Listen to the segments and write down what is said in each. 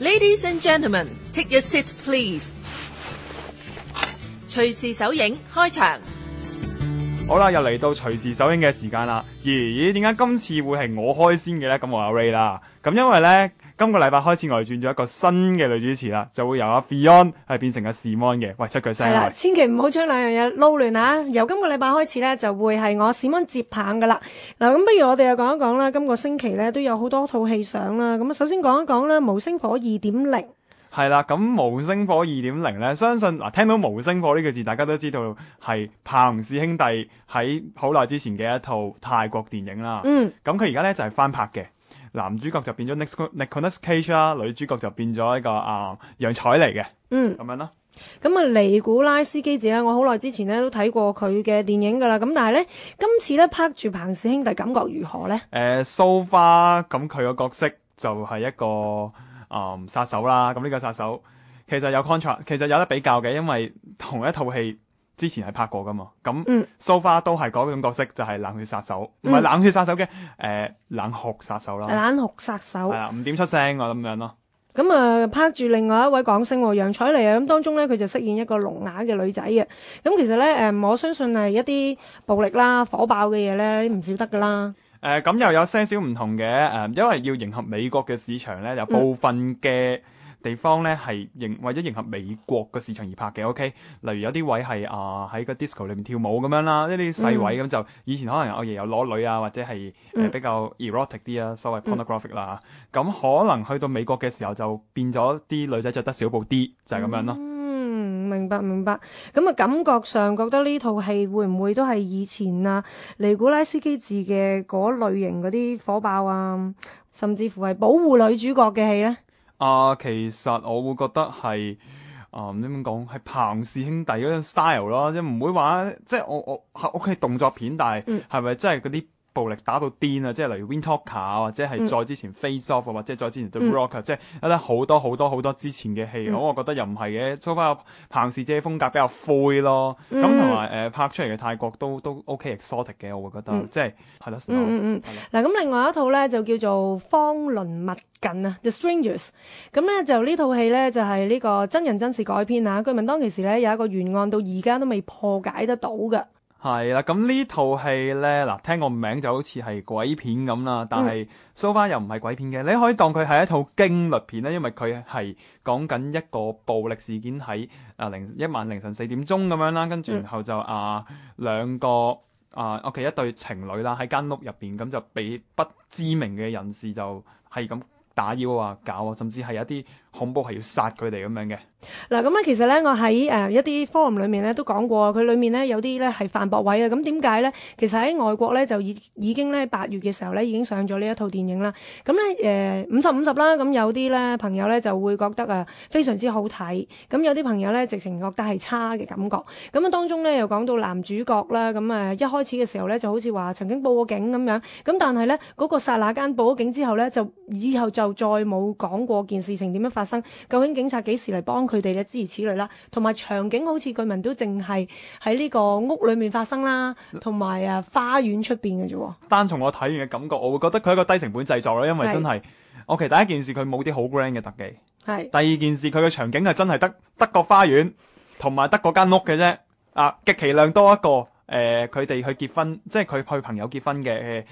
Ladies and gentlemen, take your seat, please。隨時首映開場。好啦，又嚟到隨時首映嘅時間啦。咦咦，點解今次會係我開先嘅咧？咁我阿 Ray 啦，咁因為咧。今個禮拜開始，我哋轉咗一個新嘅女主持啦，就會由阿 Fion 係變成阿 Simon 嘅。喂，出句聲。係啦，千祈唔好將兩樣嘢撈亂啊！由今個禮拜開始咧，就會係我 Simon 接棒噶啦。嗱，咁不如我哋又講一講啦。今個星期咧都有好多套戲上啦。咁啊，首先講一講咧《無聲火二點零》。係啦，咁《無聲火二點零》咧，相信嗱，聽到《無聲火》呢個字，大家都知道係彭氏兄弟喺好耐之前嘅一套泰國電影啦。嗯。咁佢而家咧就係翻拍嘅。男主角就變咗 Nic Nicolas Cage 啦，女主角就變咗一個啊楊采妮嘅，嗯，咁樣咯。咁啊、嗯、尼古拉斯基子咧，我好耐之前咧都睇過佢嘅電影噶啦，咁但係咧今次咧拍住彭氏兄弟，感覺如何咧？誒、呃，So far 咁佢個角色就係一個啊殺、呃、手啦，咁呢個殺手其實有 contrast，其實有得比較嘅，因為同一套戲。之前係拍過㗎嘛，咁 so far 都係嗰種角色，就係冷血殺手，唔係冷血殺手嘅，誒冷酷殺手啦，冷酷殺手，係啊，唔點出聲啊咁樣咯。咁啊，拍住另外一位港星楊采妮啊，咁當中咧佢就飾演一個聾啞嘅女仔嘅。咁其實咧，誒我相信係一啲暴力啦、火爆嘅嘢咧，唔少得㗎啦。誒咁又有些少唔同嘅，誒因為要迎合美國嘅市場咧，有部分嘅。地方咧係營為咗迎合美國嘅市場而拍嘅，OK？例如有啲位係啊喺個 disco 裏面跳舞咁樣啦，一啲細位咁就、嗯、以前可能我爺有裸女啊，或者係誒、呃、比較 erotic 啲啊，所謂 pornographic 啦嚇。咁、嗯、可能去到美國嘅時候就變咗啲女仔著得少布啲，就係咁樣咯。嗯，明白明白。咁啊，感覺上覺得呢套戲會唔會都係以前啊尼古拉斯基治嘅嗰類型嗰啲火爆啊，甚至乎係保護女主角嘅戲咧？啊，其實我會覺得係啊，唔知點講，係彭氏兄弟嗰種 style 咯，即係唔會話，即係我我屋企動作片，但係係咪真係嗰啲？暴力打到癲啊！即係例如《Wind Talker》啊，或者係再之前《Face Off》啊，或者再之前 The Rock、嗯《The Rocker》，即係一啲好多好多好多之前嘅戲，嗯、我覺得又唔係嘅。相反，彭氏姐風格比較灰咯。咁同埋誒拍出嚟嘅泰國都都 OK，exotic、OK、嘅，我會覺得、嗯、即係係啦。嗯嗯嗱咁了、嗯、另外一套咧就叫做《方鄰密近》啊，《The Strangers》呢。咁咧就呢套戲咧就係、是、呢個真人真事改編啊。據聞當其時咧有一個懸案到而家都未破解得到嘅。係啦，咁呢套戲呢，嗱聽個名就好似係鬼片咁啦，但係蘇花又唔係鬼片嘅，你可以當佢係一套驚慄片咧，因為佢係講緊一個暴力事件喺啊零一晚凌晨四點鐘咁樣啦，跟住然後就、嗯、啊兩個啊屋企、okay, 一對情侶啦，喺間屋入邊咁就俾不知名嘅人士就係咁打擾啊、搞啊，甚至係一啲。恐怖係要殺佢哋咁樣嘅。嗱咁咧，其實咧，我喺誒、呃、一啲 forum 裏面咧都講過，佢裏面咧有啲咧係犯駁位啊。咁點解咧？其實喺外國咧就已已經咧八月嘅時候咧已經上咗呢一套電影、嗯呃、50, 50啦。咁咧誒五十五十啦。咁有啲咧朋友咧就會覺得啊、呃、非常之好睇。咁、嗯、有啲朋友咧直情覺得係差嘅感覺。咁、嗯、啊當中咧又講到男主角啦。咁、嗯、啊、嗯、一開始嘅時候咧就好似話曾經報過警咁樣。咁、嗯、但係咧嗰個剎那間報咗警之後咧就以後就再冇講過件事，事情點樣發生，究竟警察幾時嚟幫佢哋呢？諸如此類啦，同埋場景好似據聞都淨係喺呢個屋裏面發生啦，同埋啊花園出邊嘅啫。單從我睇完嘅感覺，我會覺得佢係一個低成本製作咯，因為真係是 OK。第一件事佢冇啲好 grand 嘅特技，係是，第二件事佢嘅場景係真係得得個花園同埋得嗰間屋嘅啫啊，極其量多一個誒，佢、呃、哋去結婚，即係佢去朋友結婚嘅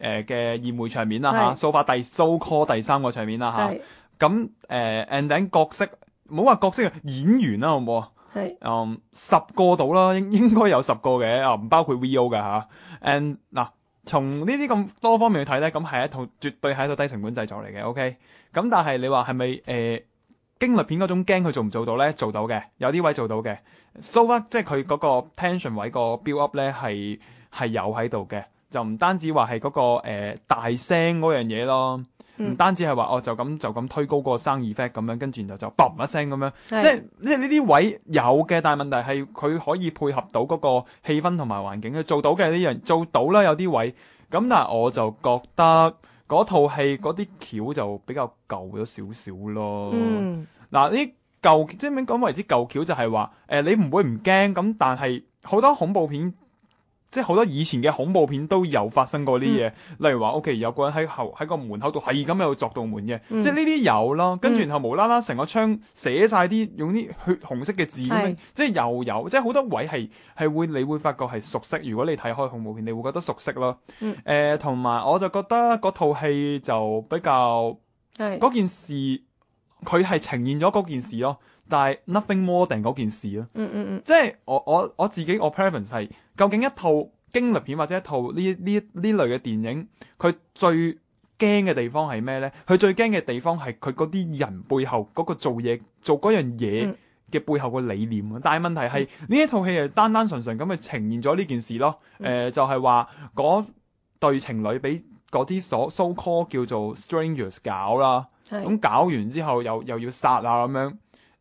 誒嘅宴會場面啦吓，掃法第掃 call 第三個場面啦吓。是咁誒、呃、and then 角色，冇話角色嘅演員啦，好唔好啊？係是，嗯、um，十個到啦，應應該有十個嘅，啊，唔包括 V.O. 嘅吓。and 嗱，從呢啲咁多方面去睇咧，咁係一套絕對係一套低成本製作嚟嘅，OK 是是。咁但係你話係咪誒驚慄片嗰種驚佢做唔做到咧？做到嘅，有啲位做到嘅，so up 即係佢嗰個 tension 位個 build up 咧係係有喺度嘅，就唔單止話係嗰個、呃、大聲嗰樣嘢咯。唔單止係話哦，就咁就咁推高個 sound effect 咁樣，跟住然後就砰一聲咁樣，是即係即係呢啲位有嘅，但係問題係佢可以配合到嗰個氣氛同埋環境，佢做到嘅呢樣做到啦，有啲位。咁但係我就覺得嗰套戲嗰啲橋就比較舊咗少少咯。嗱、嗯，呢舊、啊、即係點講為之舊橋，就係話誒你唔會唔驚咁，但係好多恐怖片。即係好多以前嘅恐怖片都有發生過啲嘢，嗯、例如話，OK 有個人喺口喺個門口度係咁，又作到門嘅，嗯、即係呢啲有咯。跟住、嗯、然後無啦啦，成個窗寫晒啲用啲血紅色嘅字咁樣，是即係又有即係好多位係係會你會發覺係熟悉。如果你睇開恐怖片，你會覺得熟悉咯。誒、嗯，同埋、呃、我就覺得嗰套戲就比較嗰是件事，佢係呈現咗嗰件事咯，但係 nothing more than 嗰件事咯。即係我我我自己我 preference 係。究竟一套驚慄片或者一套呢呢呢類嘅電影，佢最驚嘅地方係咩咧？佢最驚嘅地方係佢嗰啲人背後嗰個做嘢做嗰樣嘢嘅背後嘅理念。嗯、但係問題係呢、嗯、一套戲係單單純純咁去呈現咗呢件事咯。誒、嗯呃，就係話嗰對情侶俾嗰啲所 so called 叫做 strangers 搞啦，咁是、嗯、搞完之後又又，又要殺啊咁樣，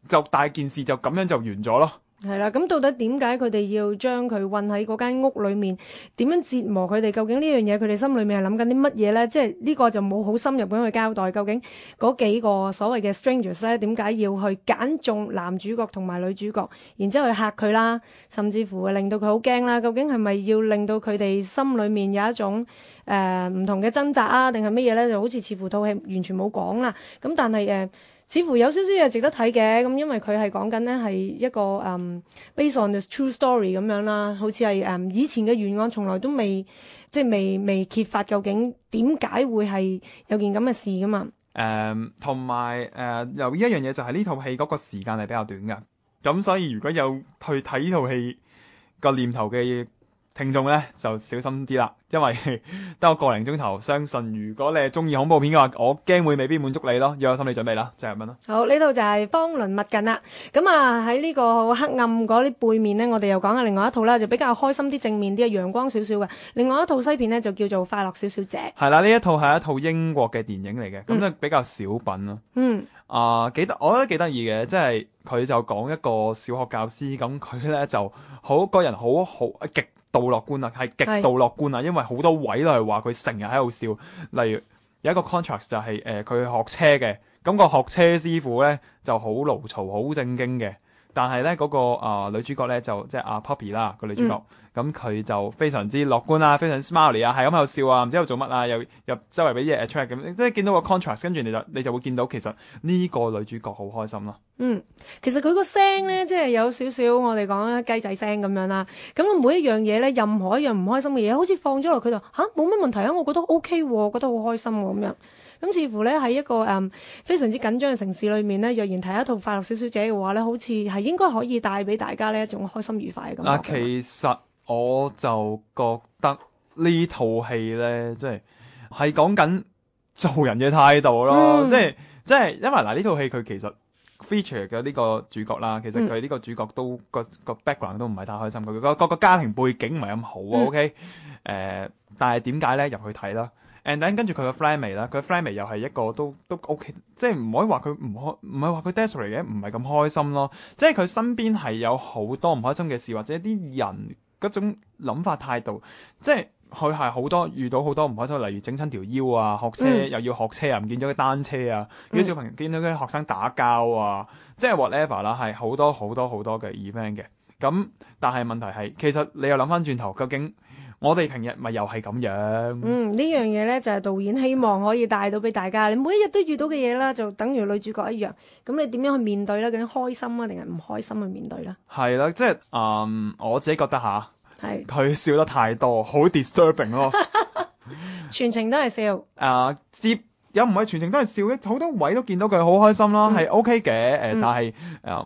就大件事就咁樣就完咗咯。係啦，咁到底點解佢哋要將佢困喺嗰間屋裏面？點樣折磨佢哋？究竟呢樣嘢佢哋心裏面係諗緊啲乜嘢咧？即係呢個就冇好深入咁去交代。究竟嗰幾個所謂嘅 strangers 咧，點解要去揀中男主角同埋女主角，然之後去嚇佢啦，甚至乎令到佢好驚啦？究竟係咪要令到佢哋心裏面有一種誒、呃、唔同嘅掙扎啊？定係乜嘢咧？就好似似乎套戲完全冇講啦。咁但係誒。呃似乎有少少嘢值得睇嘅，咁因為佢係講緊咧係一個嗯、um,，based on the true story 咁樣啦，好似係誒以前嘅冤案，從來都未即係未未揭發究竟點解會係有件咁嘅事噶嘛。誒、嗯，同埋誒，又、呃、有一樣嘢就係呢套戲嗰個時間係比較短噶，咁所以如果有去睇呢套戲個念頭嘅。聽眾咧就小心啲啦，因為得個零鐘頭，相信如果你係中意恐怖片嘅話，我驚會未必滿足你咯，要有心理準備啦。最後問啦。好，呢套就係方鄰勿近啦。咁啊喺呢個黑暗嗰啲背面咧，我哋又講下另外一套啦，就比較開心啲、正面啲、陽光少少嘅。另外一套西片咧就叫做《快樂小小姐》。係啦，呢一套係一套英國嘅電影嚟嘅，咁咧比較小品咯。嗯。啊，幾，我覺得幾得意嘅，即係佢就講一個小學教師，咁佢咧就好個人好好極。度樂觀啊，係極度樂觀啊，因為好多位都係話佢成日喺度笑。例如有一個 contract 就係誒佢學車嘅，咁個學車師傅咧就好牢嘈好正經嘅。但係咧，嗰、那個啊、呃、女主角咧就即係阿、啊、Poppy 啦、那個女主角，咁佢、嗯、就非常之樂觀啦、啊，非常 smiley 啊，係咁又笑啊，唔知度做乜啊，又又周圍俾嘢 attract 咁，即係見到個 contrast，跟住你就你就會見到其實呢個女主角好開心咯、啊。嗯，其實佢個聲咧即係有少少我哋講雞仔聲咁樣啦，咁每一樣嘢咧，任何一樣唔開心嘅嘢，好似放咗落佢就吓，冇乜問題啊，我覺得 OK、啊、我覺得好開心喎、啊、咁、啊、樣。咁似乎咧喺一個誒非常之緊張嘅城市裏面咧，若然睇一套快樂小小姐嘅話咧，好似係應該可以帶俾大家咧一種開心愉快嘅咁。啊，其實我就覺得呢套戲咧，即係係講緊做人嘅態度咯。嗯、即係即係，因為嗱呢套戲佢其實 feature 嘅呢個主角啦，其實佢呢個主角都、嗯、個個 background 都唔係太開心，佢個個家庭背景唔係咁好啊。嗯、OK，誒、呃，但係點解咧入去睇啦？and then 跟住佢個 friend 妹啦，佢 friend 妹又係一個都都 O K，即係唔可以話佢唔開，唔係話佢 desperate 嘅，唔係咁開心咯。即係佢身邊係有好多唔開心嘅事，或者啲人嗰種諗法態度，即係佢係好多遇到好多唔開心，例如整親條腰啊，學車、嗯、又要學車啊，唔見咗個單車啊，啲小朋友見到啲學生打交啊，即係 whatever 啦，係好多好多好多嘅 event 嘅。咁但係問題係，其實你又諗翻轉頭，究竟？我哋平日咪又係咁樣。嗯，樣呢樣嘢咧就係、是、導演希望可以帶到俾大家。你每一日都遇到嘅嘢啦，就等於女主角一樣。咁你點樣去面對咧？究竟開心啊，定係唔開心去面對咧？係啦、嗯，即係，嗯，我自己覺得吓，係、啊、佢是笑得太多，好 disturbing 咯。 全程都係笑。啊、uh,，接有唔係全程都係笑嘅，好多位都見到佢好開心啦，係、嗯、OK 嘅。誒、呃，嗯、但係，嗯，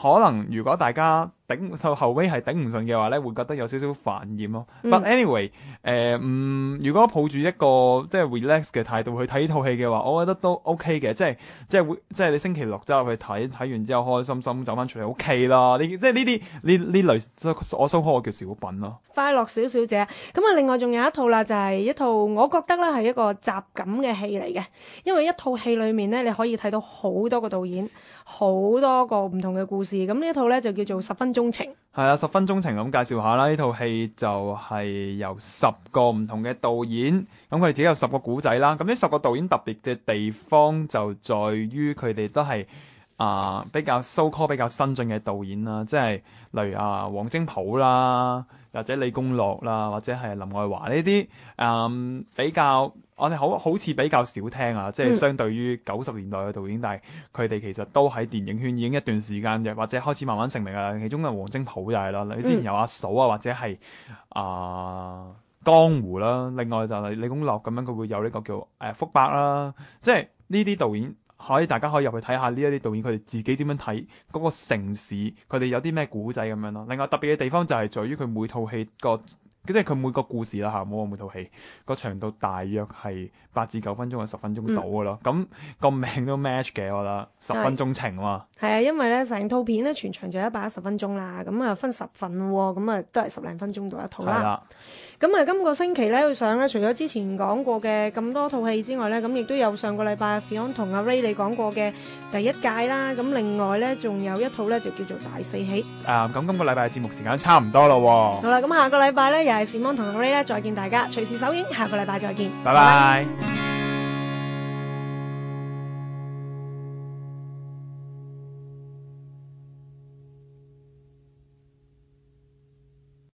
可能如果大家。頂到後尾係頂唔順嘅話咧，會覺得有少少煩厭咯。嗯、But anyway，誒，嗯，如果抱住一個即係 relax 嘅態度去睇呢套戲嘅話，我覺得都 OK 嘅，即係即係會，即係你星期六走入去睇，睇完之後開心心，走翻出嚟，OK 啦。你即係呢啲呢呢類，我 so call 我叫小品咯、啊，快樂小小姐。咁啊，另外仲有一套啦，就係、是、一套我覺得咧係一個集錦嘅戲嚟嘅，因為一套戲裏面咧你可以睇到好多個導演，好多個唔同嘅故事。咁呢一套咧就叫做十分鍾鍾情係啊，十分鍾情咁介紹下啦！呢套戲就係由十個唔同嘅導演，咁佢哋自己有十個故仔啦。咁呢十個導演特別嘅地方就在於佢哋都係啊比較 so-called 比較新進嘅導演啦，即係例如啊黃精甫啦，或者李公樂啦，或者係林愛華呢啲啊比較。我哋好好似比較少聽啊，即係相對於九十年代嘅導演，嗯、但係佢哋其實都喺電影圈已經一段時間嘅，或者開始慢慢成名啦。其中嘅黃精甫就係啦，你、嗯、之前有阿嫂啊，或者係啊、呃、江湖啦，另外就係李公樂咁樣，佢會有呢個叫誒福伯啦。即係呢啲導演，可以大家可以入去睇下呢一啲導演佢哋自己點樣睇嗰個城市，佢哋有啲咩古仔咁樣咯。另外特別嘅地方就係在於佢每套戲個。即係佢每個故事啦嚇，每套戲個長度大約係八至九分鐘或十分鐘到嘅咯。咁個名都 match 嘅，我覺得十分鐘情喎。係啊，因為咧成套片咧全場就一百一十分鐘啦。咁啊分十份喎，咁啊都係十零分鐘到一套啦。咁啊，今個星期咧佢上咧，除咗之前講過嘅咁多套戲之外咧，咁亦都有上個禮拜 Fiona 同阿 Ray 你講過嘅第一屆啦。咁另外咧仲有一套咧就叫做大四喜。啊，咁今個禮拜嘅節目時間差唔多啦。好啦，咁下個禮拜咧。又係 Simon 同 Ray，咧，再見大家，隨時首映，下個禮拜再見，拜拜。